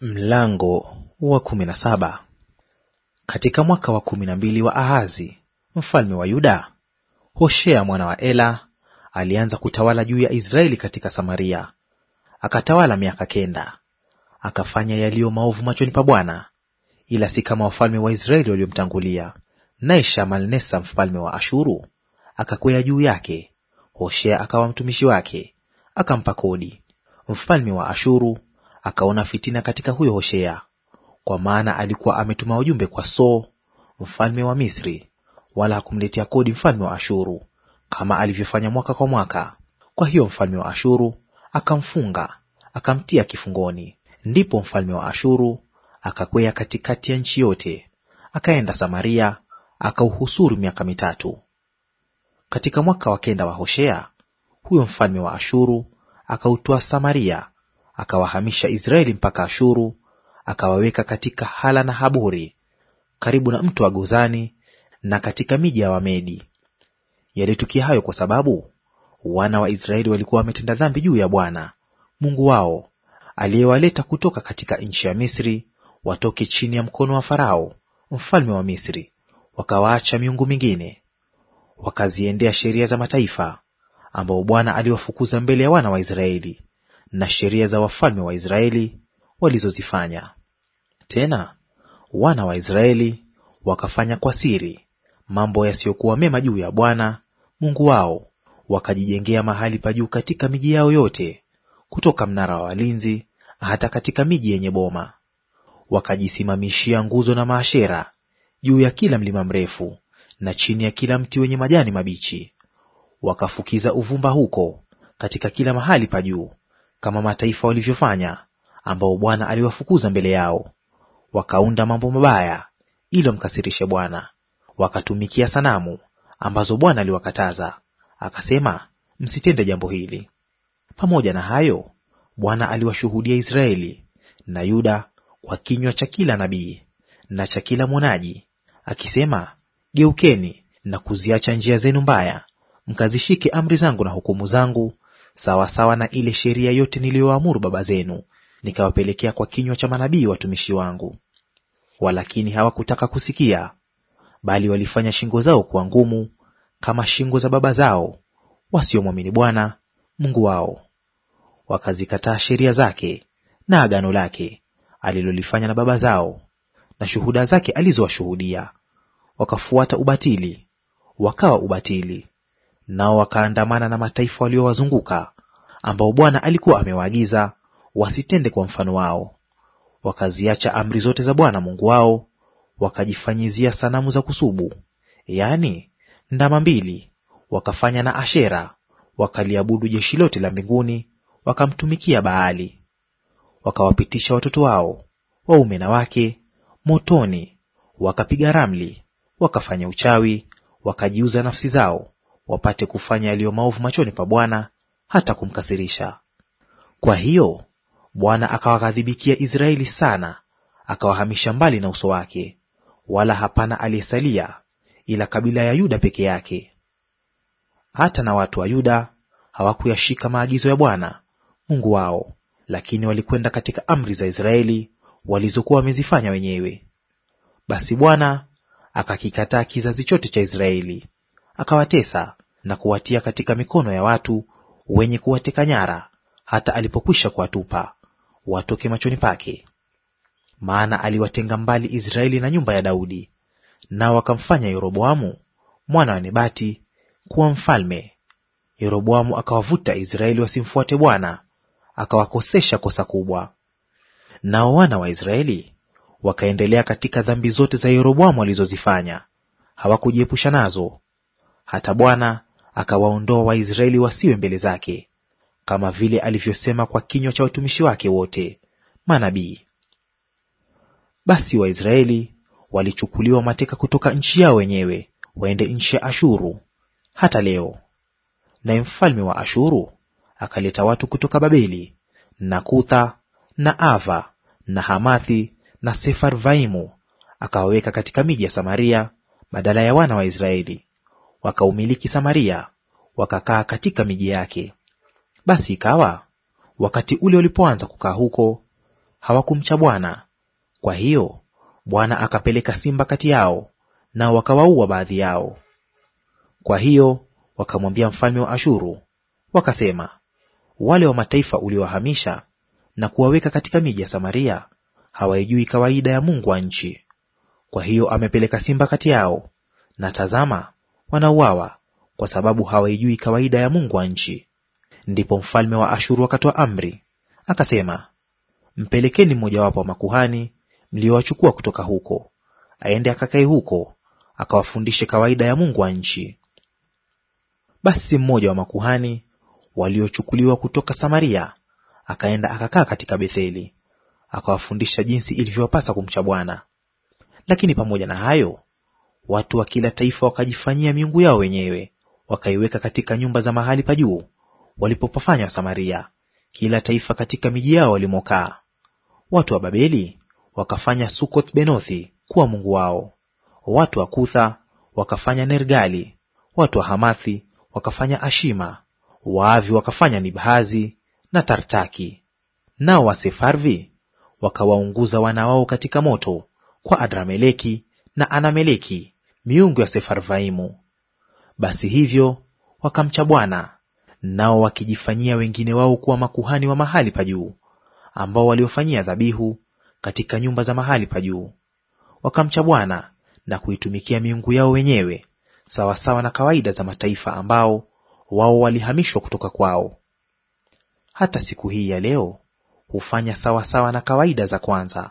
Mlango wa kumi na saba. Katika mwaka wa kumi na mbili wa Ahazi mfalme wa Yuda, Hoshea mwana wa Ela alianza kutawala juu ya Israeli katika Samaria. Akatawala miaka kenda. Akafanya yaliyo maovu machoni pa Bwana, ila si kama wafalme wa Israeli waliomtangulia. Naye Shalmanesa mfalme wa Ashuru akakwea juu yake, Hoshea akawa mtumishi wake, akampa kodi. Mfalme wa Ashuru akaona fitina katika huyo Hoshea, kwa maana alikuwa ametuma ujumbe kwa So mfalme wa Misri, wala hakumletea kodi mfalme wa Ashuru kama alivyofanya mwaka kwa mwaka. Kwa hiyo mfalme wa Ashuru akamfunga akamtia kifungoni. Ndipo mfalme wa Ashuru akakwea katikati ya nchi yote, akaenda Samaria akauhusuru miaka mitatu. Katika mwaka wa kenda wa Hoshea, huyo mfalme wa Ashuru akautwaa Samaria akawahamisha Israeli mpaka Ashuru, akawaweka katika Hala na Habori, karibu na mto wa Gozani, na katika miji ya Wamedi. Yalitukia hayo kwa sababu wana wa Israeli walikuwa wametenda dhambi juu ya Bwana Mungu wao, aliyewaleta kutoka katika nchi ya Misri, watoke chini ya mkono wa Farao mfalme wa Misri, wakawaacha miungu mingine, wakaziendea sheria za mataifa ambao Bwana aliwafukuza mbele ya wana wa Israeli na sheria za wafalme wa Israeli walizozifanya. Tena wana wa Israeli wakafanya kwa siri mambo yasiyokuwa mema juu ya Bwana Mungu wao, wakajijengea mahali pa juu katika miji yao yote, kutoka mnara wa walinzi hata katika miji yenye boma. Wakajisimamishia nguzo na maashera juu ya kila mlima mrefu na chini ya kila mti wenye majani mabichi, wakafukiza uvumba huko katika kila mahali pa juu, kama mataifa walivyofanya, ambao Bwana aliwafukuza mbele yao. Wakaunda mambo mabaya ili wamkasirishe Bwana, wakatumikia sanamu ambazo Bwana aliwakataza akasema, msitende jambo hili. Pamoja na hayo, Bwana aliwashuhudia Israeli na Yuda kwa kinywa cha kila nabii na cha kila mwonaji akisema, geukeni na kuziacha njia zenu mbaya, mkazishike amri zangu na hukumu zangu sawasawa na ile sheria yote niliyoamuru baba zenu, nikawapelekea kwa kinywa cha manabii watumishi wangu. Walakini hawakutaka kusikia, bali walifanya shingo zao kuwa ngumu kama shingo za baba zao wasiomwamini Bwana Mungu wao. Wakazikataa sheria zake na agano lake alilolifanya na baba zao na shuhuda zake alizowashuhudia, wakafuata ubatili, wakawa ubatili, nao wakaandamana na mataifa waliowazunguka ambao Bwana alikuwa amewaagiza wasitende kwa mfano wao. Wakaziacha amri zote za Bwana Mungu wao, wakajifanyizia sanamu za kusubu, yaani ndama mbili, wakafanya na Ashera, wakaliabudu jeshi lote la mbinguni, wakamtumikia Baali. Wakawapitisha watoto wao waume na wake motoni, wakapiga ramli, wakafanya uchawi, wakajiuza nafsi zao wapate kufanya yaliyo maovu machoni pa Bwana hata kumkasirisha. Kwa hiyo Bwana akawaghadhibikia Israeli sana, akawahamisha mbali na uso wake, wala hapana aliyesalia ila kabila ya Yuda peke yake. Hata na watu wa Yuda hawakuyashika maagizo ya Bwana Mungu wao, lakini walikwenda katika amri za Israeli walizokuwa wamezifanya wenyewe. Basi Bwana akakikataa kizazi chote cha Israeli akawatesa na kuwatia katika mikono ya watu wenye kuwateka nyara, hata alipokwisha kuwatupa watoke machoni pake. Maana aliwatenga mbali Israeli na nyumba ya Daudi, nao wakamfanya Yeroboamu mwana wa Nebati kuwa mfalme. Yeroboamu akawavuta Israeli wasimfuate Bwana, akawakosesha kosa kubwa. Nao wana wa Israeli wakaendelea katika dhambi zote za Yeroboamu alizozifanya hawakujiepusha nazo, hata Bwana akawaondoa Waisraeli wasiwe mbele zake, kama vile alivyosema kwa kinywa cha watumishi wake wote manabii. Basi Waisraeli walichukuliwa mateka kutoka nchi yao wenyewe waende nchi ya Ashuru hata leo. Naye mfalme wa Ashuru akaleta watu kutoka Babeli na Kutha na Ava na Hamathi na Sefarvaimu, akawaweka katika miji ya Samaria badala ya wana wa Israeli wakaumiliki Samaria, wakakaa katika miji yake. Basi ikawa wakati ule walipoanza kukaa huko, hawakumcha Bwana. Kwa hiyo Bwana akapeleka simba kati yao, nao wakawaua baadhi yao. Kwa hiyo wakamwambia mfalme wa Ashuru wakasema, wale wa mataifa uliowahamisha na kuwaweka katika miji ya Samaria hawaijui kawaida ya Mungu wa nchi. Kwa hiyo amepeleka simba kati yao, na tazama, wanauawa kwa sababu hawaijui kawaida ya Mungu wa nchi. Ndipo mfalme wa Ashuru akatoa amri akasema, mpelekeni mmojawapo wa makuhani mliowachukua kutoka huko, aende akakae huko, akawafundishe kawaida ya Mungu wa nchi. Basi mmoja wa makuhani waliochukuliwa kutoka Samaria akaenda akakaa katika Betheli, akawafundisha jinsi ilivyowapasa kumcha Bwana. Lakini pamoja na hayo watu wa kila taifa wakajifanyia miungu yao wenyewe, wakaiweka katika nyumba za mahali pa juu walipopafanya samaria kila taifa katika miji yao walimokaa. Watu wa Babeli wakafanya Sukoth Benothi kuwa mungu wao, watu wa Kutha wakafanya Nergali, watu wa Hamathi wakafanya Ashima, Waavi wakafanya Nibhazi na Tartaki, nao Wasefarvi wakawaunguza wana wao katika moto kwa Adrameleki na Anameleki miungu ya Sefarvaimu. Basi hivyo wakamcha Bwana, nao wakijifanyia wengine wao kuwa makuhani wa mahali pa juu, ambao waliofanyia dhabihu katika nyumba za mahali pa juu. Wakamcha Bwana na kuitumikia miungu yao wenyewe sawasawa na kawaida za mataifa ambao wao walihamishwa kutoka kwao. Hata siku hii ya leo hufanya sawasawa na kawaida za kwanza,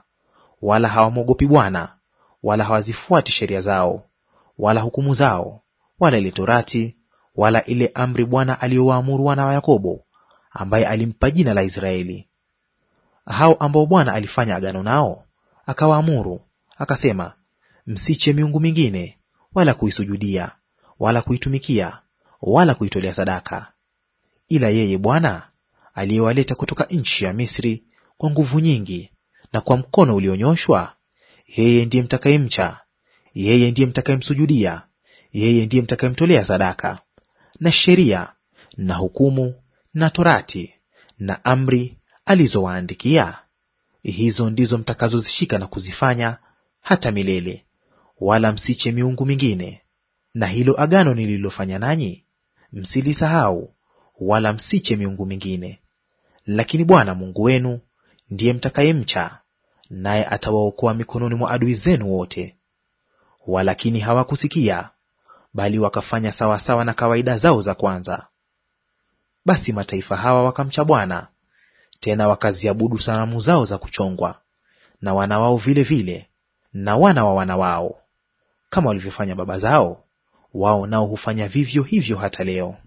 wala hawamwogopi Bwana, wala hawazifuati sheria zao wala hukumu zao, wala ile torati, wala ile amri Bwana aliyowaamuru wana wa Yakobo, ambaye alimpa jina la Israeli. Hao ambao Bwana alifanya agano nao, akawaamuru akasema, msiche miungu mingine, wala kuisujudia, wala kuitumikia, wala kuitolea sadaka. Ila yeye Bwana aliyewaleta kutoka nchi ya Misri kwa nguvu nyingi na kwa mkono ulionyoshwa, yeye ndiye mtakayemcha yeye ndiye mtakayemsujudia, yeye ndiye mtakayemtolea sadaka. Na sheria na hukumu na torati na amri alizowaandikia, hizo ndizo mtakazozishika na kuzifanya hata milele, wala msiche miungu mingine. Na hilo agano nililofanya nanyi msilisahau, wala msiche miungu mingine. Lakini Bwana Mungu wenu ndiye mtakayemcha, naye atawaokoa mikononi mwa adui zenu wote walakini hawakusikia, bali wakafanya sawasawa na kawaida zao za kwanza. Basi mataifa hawa wakamcha Bwana, tena wakaziabudu sanamu zao za kuchongwa, na wana wao vile vile na wana wa wana wao, kama walivyofanya baba zao; wao nao hufanya vivyo hivyo hata leo.